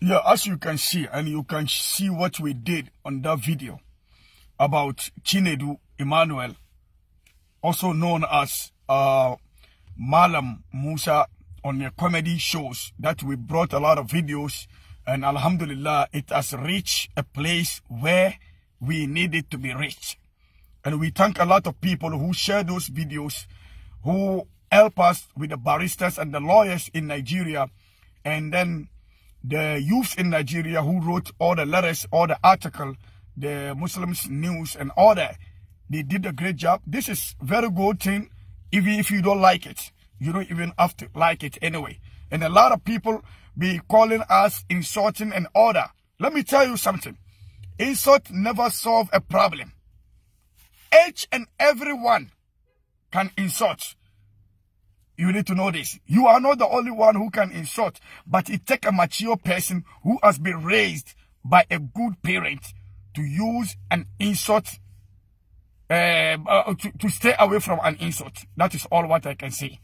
Yeah, as you can see, and you can see what we did on that video about Chinedu Emmanuel, also known as uh, Malam Musa on the comedy shows that we brought a lot of videos and Alhamdulillah, it has reached a place where we needed to be reached. And we thank a lot of people who share those videos, who help us with the baristas and the lawyers in Nigeria, and then the youth in Nigeria who wrote all the letters, all the article, the Muslims news and all that. They did a great job. This is very good thing. Even if you don't like it, you don't even have to like it anyway. And a lot of people be calling us insulting and all that. Let me tell you something. Insult never solve a problem. Each and everyone can insult. You need to know this. You are not the only one who can insult, but it takes a mature person who has been raised by a good parent to use an insult, um, uh, to, to stay away from an insult. That is all what I can say.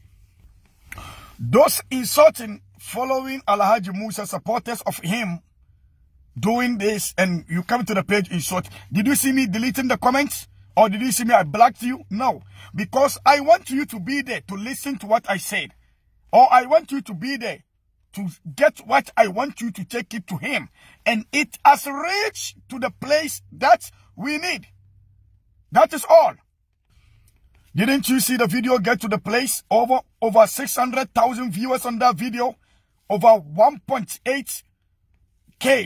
Those insulting following Alhaji Musa, supporters of him doing this, and you come to the page insult. Did you see me deleting the comments? Or did you see me? I blacked you? No. Because I want you to be there to listen to what I said. Or I want you to be there to get what I want you to take it to him. And it has reached to the place that we need. That is all. Didn't you see the video get to the place? Over, over 600,000 viewers on that video. Over 1.8k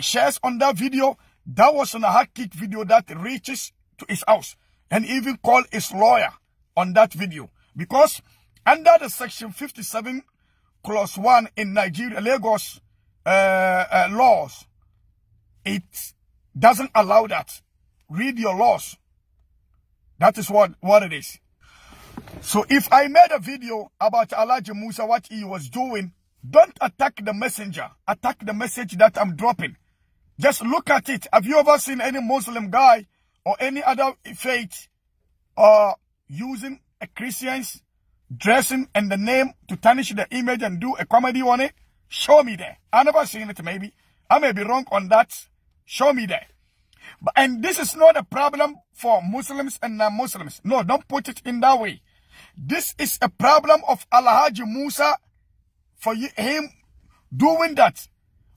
shares on that video. That was an hack kick video that reaches to his house and even call his lawyer on that video. Because under the section 57 clause 1 in Nigeria, Lagos uh, uh, laws, it doesn't allow that. Read your laws. That is what, what it is. So if I made a video about Elijah Musa, what he was doing, don't attack the messenger. Attack the message that I'm dropping. Just look at it. Have you ever seen any Muslim guy or any other faith or using a Christian's dressing and the name to tarnish the image and do a comedy on it, show me that. I never seen it maybe. I may be wrong on that. Show me that. But, and this is not a problem for Muslims and non-Muslims. No, don't put it in that way. This is a problem of Alhaji Musa for him doing that.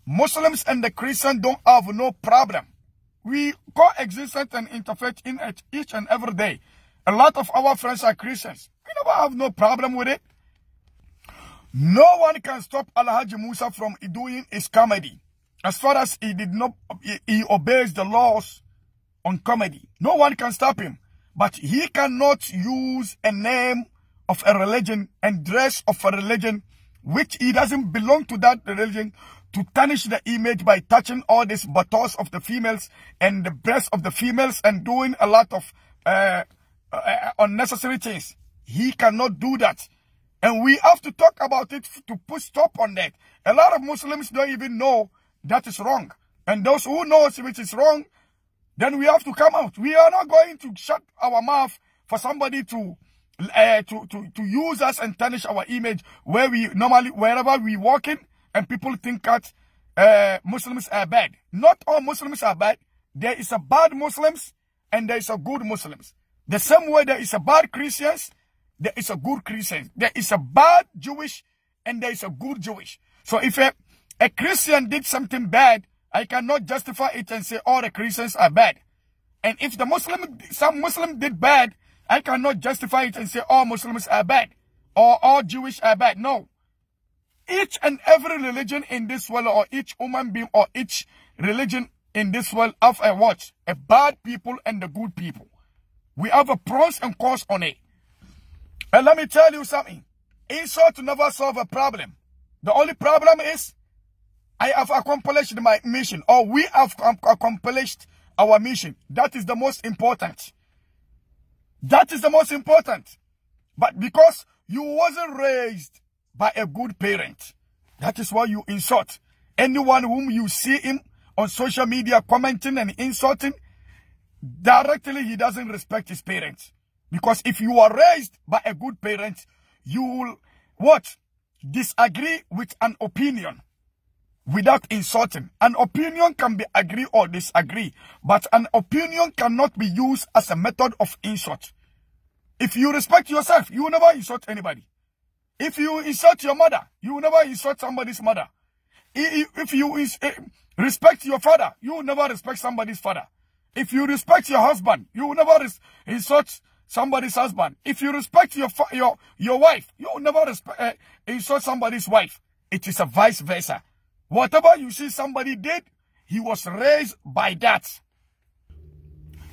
Muslims and the Christian don't have no problem. We coexistence and interfaith in it each and every day. A lot of our friends are Christians. We never have no problem with it. No one can stop Alhaji Musa from doing his comedy. As far as he did not, he, he obeys the laws on comedy. No one can stop him. But he cannot use a name of a religion and dress of a religion which he doesn't belong to that religion to tarnish the image by touching all these buttocks of the females and the breasts of the females and doing a lot of uh, uh, unnecessary things. He cannot do that. And we have to talk about it to put stop on that. A lot of Muslims don't even know that is wrong. And those who knows which is wrong, then we have to come out. We are not going to shut our mouth for somebody to uh, to, to, to use us and tarnish our image where we normally, wherever we walk in, and people think that uh, Muslims are bad. Not all Muslims are bad. There is a bad Muslims and there is a good Muslims. The same way there is a bad Christians, there is a good Christians. There is a bad Jewish and there is a good Jewish. So if a, a Christian did something bad, I cannot justify it and say all the Christians are bad. And if the Muslim, some Muslim did bad, I cannot justify it and say all Muslims are bad or all Jewish are bad. No, each and every religion in this world or each human being or each religion in this world have a watch, a bad people and the good people. We have a pros and cons on it. And let me tell you something. Insult never solve a problem. The only problem is I have accomplished my mission or we have accomplished our mission. That is the most important. That is the most important. But because you wasn't raised by a good parent. That is why you insult. Anyone whom you see him on social media commenting and insulting, directly he doesn't respect his parents. Because if you are raised by a good parent, you will, what? Disagree with an opinion without insulting. An opinion can be agree or disagree, but an opinion cannot be used as a method of insult. If you respect yourself, you will never insult anybody. If you insult your mother, you will never insult somebody's mother. If you eh, respect your father, you will never respect somebody's father. If you respect your husband, you will never insult somebody's husband. If you respect your your your wife, you will never respect, uh, eh, insult somebody's wife. It is a vice versa. Whatever you see somebody did, he was raised by that.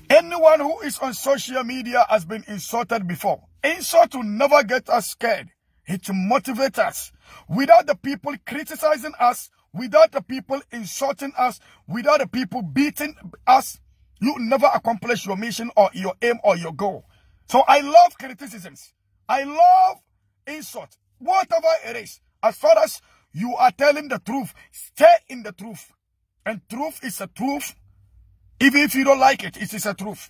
Anyone who is on social media has been insulted before. Insult will never get us scared. It motivates us. Without the people criticizing us, without the people insulting us, without the people beating us, you never accomplish your mission or your aim or your goal. So I love criticisms. I love insult. Whatever it is, as far as you are telling the truth, stay in the truth. And truth is a truth. Even if you don't like it, it is a truth.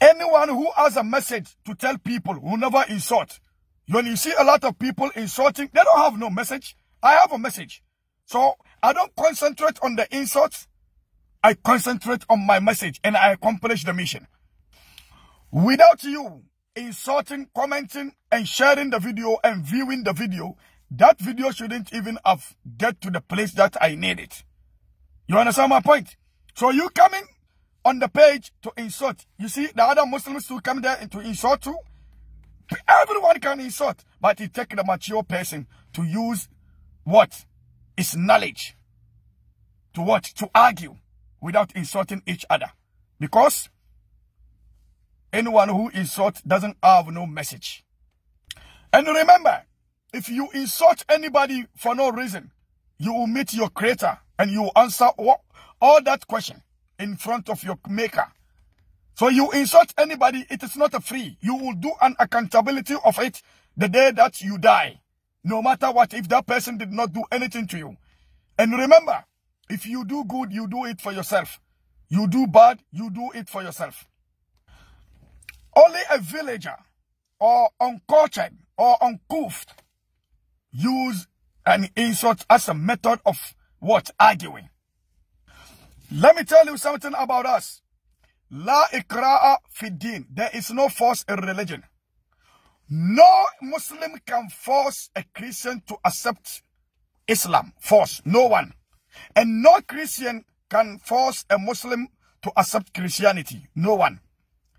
Anyone who has a message to tell people will never insult. When you see a lot of people insulting, they don't have no message. I have a message. So I don't concentrate on the insults. I concentrate on my message and I accomplish the mission. Without you insulting, commenting and sharing the video and viewing the video, that video shouldn't even have get to the place that I need it. You understand my point? So you coming on the page to insult. You see the other Muslims who come there to insult you Everyone can insult, but it takes a mature person to use what is knowledge to what? To argue without insulting each other. Because anyone who insults doesn't have no message. And remember, if you insult anybody for no reason, you will meet your creator and you will answer all, that question in front of your maker. So you insult anybody, it is not free. You will do an accountability of it the day that you die. No matter what, if that person did not do anything to you. And remember, if you do good, you do it for yourself. You do bad, you do it for yourself. Only a villager or uncultured or uncouth use an insult as a method of what? Arguing. Let me tell you something about us. La ikra'a fiddin. There is no force in religion. No Muslim can force a Christian to accept Islam. Force. No one. And no Christian can force a Muslim to accept Christianity. No one.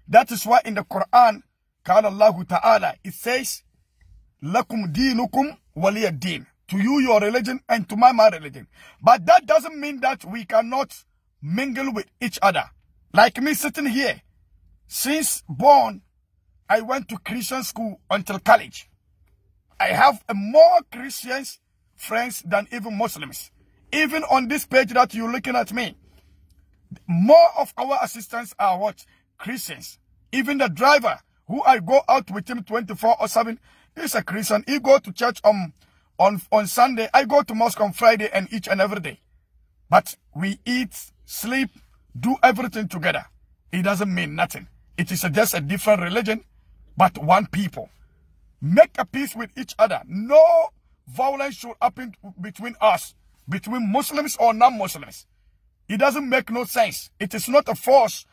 That is why in the Quran, قال الله it says, "Lakum dinukum وَلِيَ To you, your religion, and to my, my religion. But that doesn't mean that we cannot mingle with each other. Like me sitting here, since born, I went to Christian school until college. I have more Christians friends than even Muslims. Even on this page that you're looking at me, more of our assistants are what? Christians. Even the driver who I go out with him 24 or 7, he's a Christian. He go to church on, on, on Sunday. I go to mosque on Friday and each and every day. But we eat, sleep, do everything together, it doesn't mean nothing. It is just a different religion, but one people. Make a peace with each other. No violence should happen between us, between Muslims or non-Muslims. It doesn't make no sense. It is not a force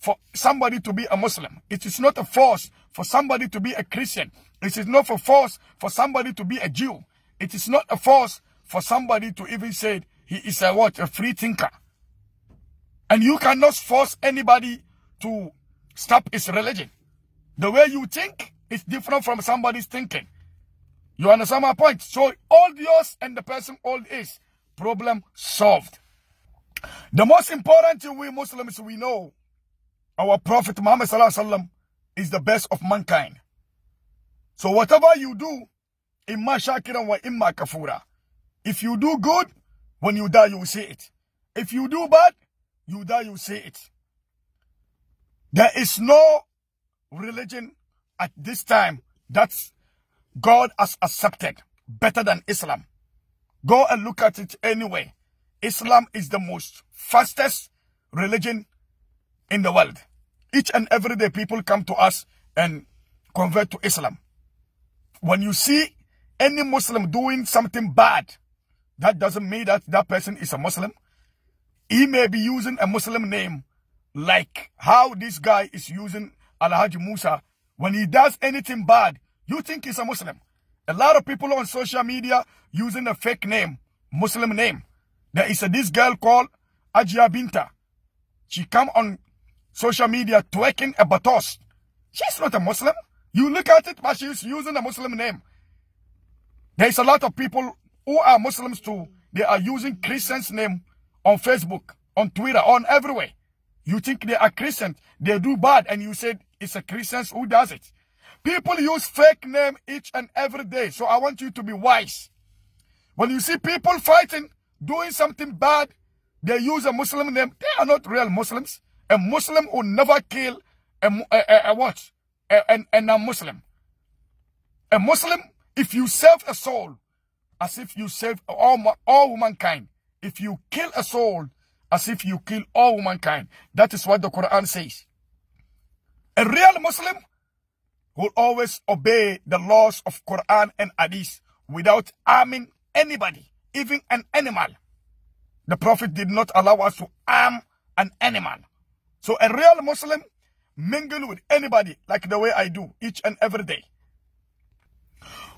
for somebody to be a Muslim. It is not a force for somebody to be a Christian. It is not a force for somebody to be a Jew. It is not a force for somebody to even say he is a what? A free thinker. And you cannot force anybody to stop his religion. The way you think is different from somebody's thinking. You understand my point? So old yours and the person old is. Problem solved. The most important thing we Muslims we know, our Prophet Muhammad sallam, is the best of mankind. So whatever you do, imma wa imma kafura. If you do good, when you die you will see it. If you do bad, you die, you see it. There is no religion at this time that God has accepted better than Islam. Go and look at it anyway. Islam is the most fastest religion in the world. Each and every day people come to us and convert to Islam. When you see any Muslim doing something bad, that doesn't mean that that person is a Muslim. He may be using a Muslim name, like how this guy is using Alhaji Musa. When he does anything bad, you think he's a Muslim. A lot of people on social media using a fake name, Muslim name. There is a, this girl called Ajia Binta. She come on social media twerking a batos. She's not a Muslim. You look at it, but she's using a Muslim name. There's a lot of people who are Muslims too. They are using Christian's name on Facebook, on Twitter, on everywhere. You think they are Christians, they do bad, and you said it's a Christians who does it. People use fake name each and every day, so I want you to be wise. When you see people fighting, doing something bad, they use a Muslim name. They are not real Muslims. A Muslim will never kill a, a, a, a what? A, a, non-Muslim. A Muslim, if you save a soul, as if you save all, all mankind, if you kill a soul, as if you kill all mankind. That is what the Quran says. A real Muslim will always obey the laws of Quran and Hadith without harming anybody, even an animal. The Prophet did not allow us to harm an animal. So a real Muslim mingle with anybody like the way I do each and every day.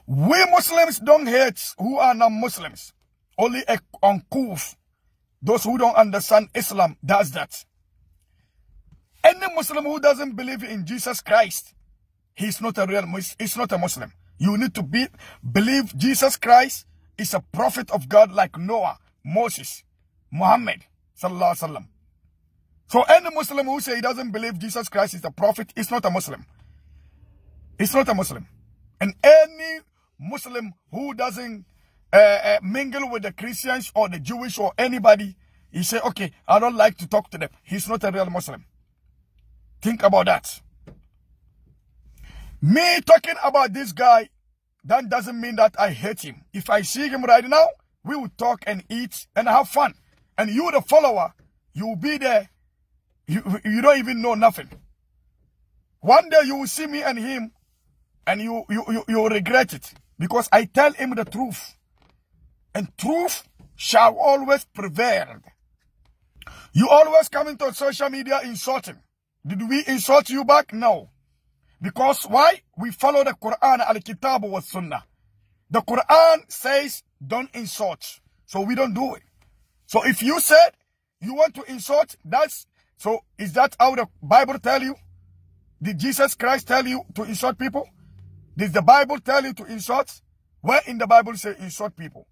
We Muslims don't hate who are non-Muslims. Only uncouth, those who don't understand Islam, does that. Any Muslim who doesn't believe in Jesus Christ, he's not a real he's not a Muslim. You need to be believe Jesus Christ is a prophet of God like Noah, Moses, Muhammad, sallallahu alaihi wasallam. So any Muslim who say he doesn't believe Jesus Christ is a prophet is not a Muslim. He's not a Muslim. And any Muslim who doesn't uh, mingle with the Christians or the Jewish or anybody, he say, okay, I don't like to talk to them. He's not a real Muslim. Think about that. Me talking about this guy, that doesn't mean that I hate him. If I see him right now, we will talk and eat and have fun. And you, the follower, you will be there. You, you don't even know nothing. One day you will see me and him and you, you, you, you regret it because I tell him the truth and truth shall always prevail. You always come into social media insulting. Did we insult you back? No. Because why? We follow the Quran, Al-Kitab wa Sunnah. The Quran says, don't insult. So we don't do it. So if you said you want to insult, that's, so is that how the Bible tell you? Did Jesus Christ tell you to insult people? Did the Bible tell you to insult? Where in the Bible say insult people?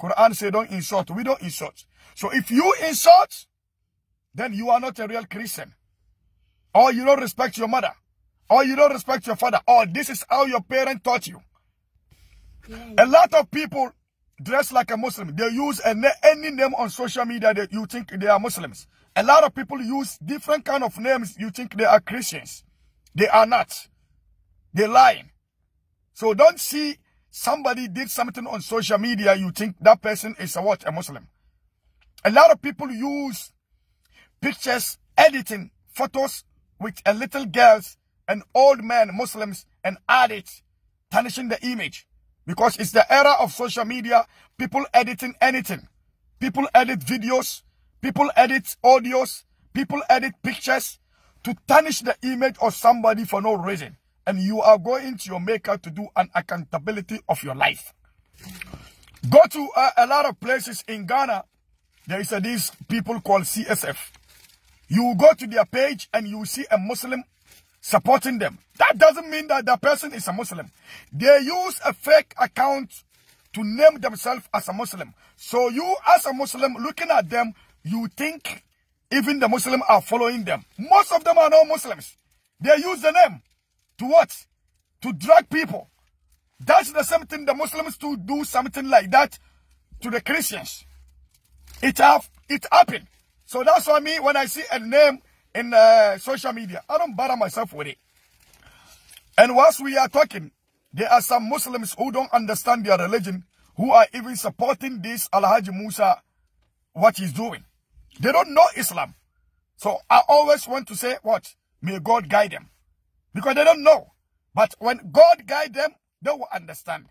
Quran say don't insult. We don't insult. So if you insult, then you are not a real Christian. Or you don't respect your mother. Or you don't respect your father. Or this is how your parent taught you. Yeah. A lot of people dress like a Muslim. They use any name on social media that you think they are Muslims. A lot of people use different kind of names you think they are Christians. They are not. They're lying. So don't see somebody did something on social media, you think that person is a what? A Muslim. A lot of people use pictures, editing photos with a little girls and old men, Muslims, and add it, tarnishing the image. Because it's the era of social media, people editing anything. People edit videos, people edit audios, people edit pictures to tarnish the image of somebody for no reason and you are going to your maker to do an accountability of your life. Go to uh, a lot of places in Ghana. There is uh, these people called CSF. You go to their page and you see a Muslim supporting them. That doesn't mean that the person is a Muslim. They use a fake account to name themselves as a Muslim. So you as a Muslim looking at them, you think even the Muslims are following them. Most of them are not Muslims. They use the name. To what? To drug people. That's the same thing the Muslims to do something like that to the Christians. It have it happened. So that's why me when I see a name in uh, social media, I don't bother myself with it. And whilst we are talking, there are some Muslims who don't understand their religion who are even supporting this Alhaji Musa, what he's doing. They don't know Islam. So I always want to say what? May God guide them because they don't know. But when God guide them, they will understand.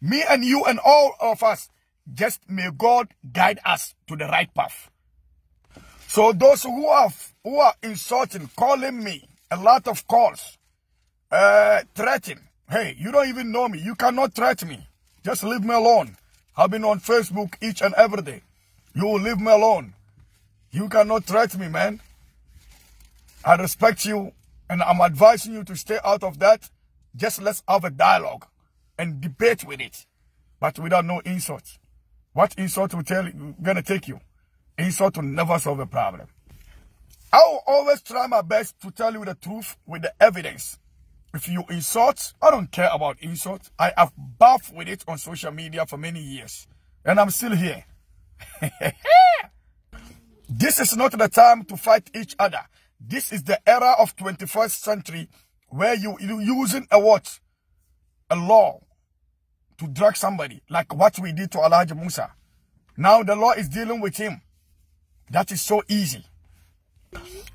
Me and you and all of us, just may God guide us to the right path. So those who are, who are insulting, calling me, a lot of calls, uh, threatening. Hey, you don't even know me. You cannot threaten me. Just leave me alone. I've been on Facebook each and every day. You will leave me alone. You cannot threaten me, man. I respect you. And I'm advising you to stay out of that. Just let's have a dialogue and debate with it, but without no insults. What insult will tell you, gonna take you? Insult will never solve a problem. I will always try my best to tell you the truth with the evidence. If you insult, I don't care about insult. I have buffed with it on social media for many years. And I'm still here. this is not the time to fight each other. This is the era of 21st century where you, using a what? A law to drag somebody like what we did to Elijah Musa. Now the law is dealing with him. That is so easy.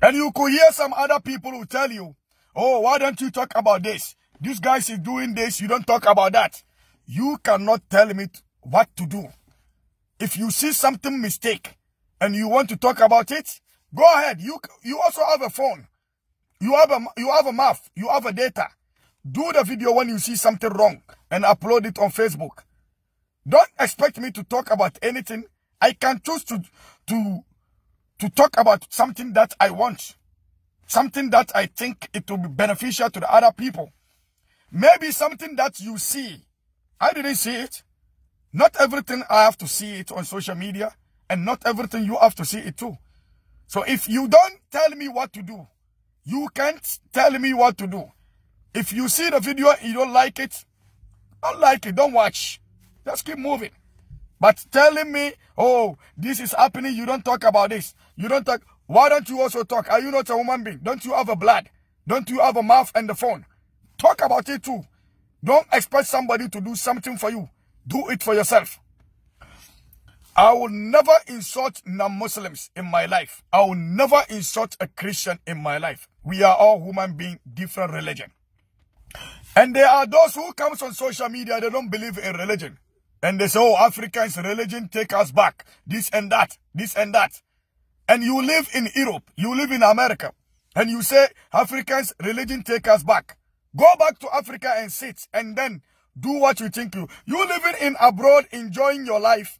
And you could hear some other people who tell you, oh, why don't you talk about this? This guy is doing this, you don't talk about that. You cannot tell me what to do. If you see something mistake and you want to talk about it, Go ahead. You you also have a phone. You have a you have a map. You have a data. Do the video when you see something wrong and upload it on Facebook. Don't expect me to talk about anything. I can choose to to to talk about something that I want. Something that I think it will be beneficial to the other people. Maybe something that you see. I didn't see it. Not everything I have to see it on social media. And not everything you have to see it too. So if you don't tell me what to do, you can't tell me what to do. If you see the video you don't like it, don't like it, don't watch. Just keep moving. But telling me, oh, this is happening, you don't talk about this. You don't talk. Why don't you also talk? Are you not a human being? Don't you have a blood? Don't you have a mouth and a phone? Talk about it too. Don't expect somebody to do something for you. Do it for yourself. I will never insult non-Muslims in my life. I will never insult a Christian in my life. We are all human beings, different religion. And there are those who comes on social media, they don't believe in religion. And they say, oh, Africans, religion take us back. This and that, this and that. And you live in Europe, you live in America. And you say, Africans, religion take us back. Go back to Africa and sit and then do what you think you. You living in abroad, enjoying your life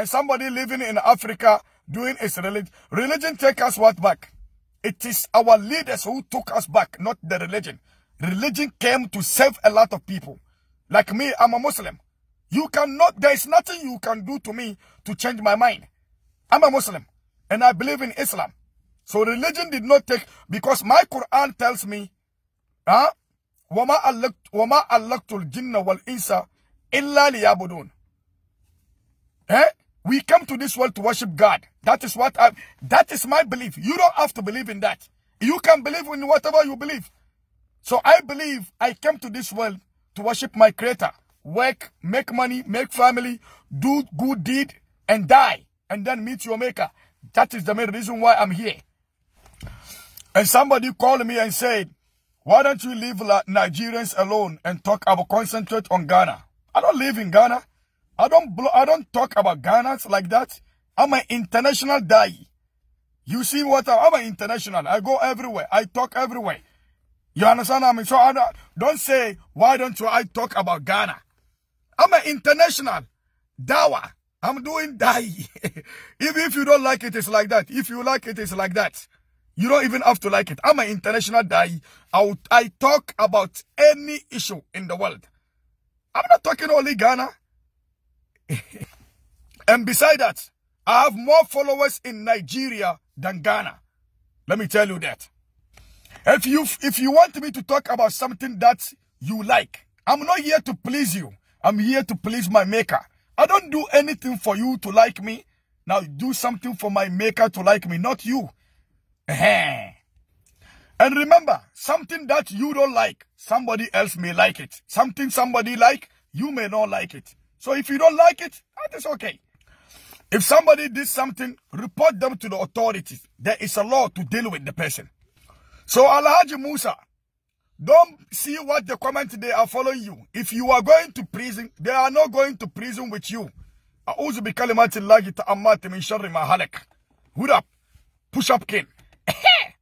and somebody living in Africa doing his religion. Religion take us what back? It is our leaders who took us back, not the religion. Religion came to save a lot of people. Like me, I'm a Muslim. You cannot, there is nothing you can do to me to change my mind. I'm a Muslim and I believe in Islam. So religion did not take, because my Quran tells me, huh? وَمَا أَلَّقْتُ الْجِنَّ وَالْإِنسَ إِلَّا لِيَابُدُونَ Eh? We come to this world to worship God. That is what I, that is my belief. You don't have to believe in that. You can believe in whatever you believe. So I believe I came to this world to worship my creator. Work, make money, make family, do good deed, and die. And then meet your maker. That is the main reason why I'm here. And somebody called me and said, why don't you leave Nigerians alone and talk about concentrate on Ghana? I don't live in Ghana. I don't blow, I don't talk about Ghana's like that. I'm an international guy. You see what I, am an international. I go everywhere. I talk everywhere. You understand what I mean? So I don't, don't say, why don't you I talk about Ghana? I'm an international. Dawa. I'm doing die. even if you don't like it, it's like that. If you like it, it's like that. You don't even have to like it. I'm an international guy. I, I talk about any issue in the world. I'm not talking only Ghana. and beside that, I have more followers in Nigeria than Ghana. Let me tell you that. If you if you want me to talk about something that you like, I'm not here to please you. I'm here to please my maker. I don't do anything for you to like me. Now do something for my maker to like me, not you. and remember, something that you don't like, somebody else may like it. Something somebody like, you may not like it. So if you don't like it, that is okay. If somebody did something, report them to the authorities. There is a law to deal with the person. So Alhaji Musa, don't see what the comment they are following you. If you are going to prison, they are not going to prison with you. أعوذ بكلمات الله تعمات من شر ما هلك. Hood up. Push up king.